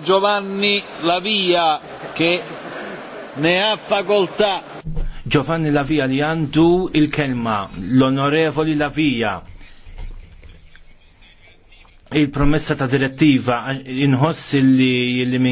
Giovanni Lavia che ne ha facoltà. Giovanni Lavia li andu il-kelma, l-onorevoli Lavia. Il-promessa ta' direttiva inħoss li, li min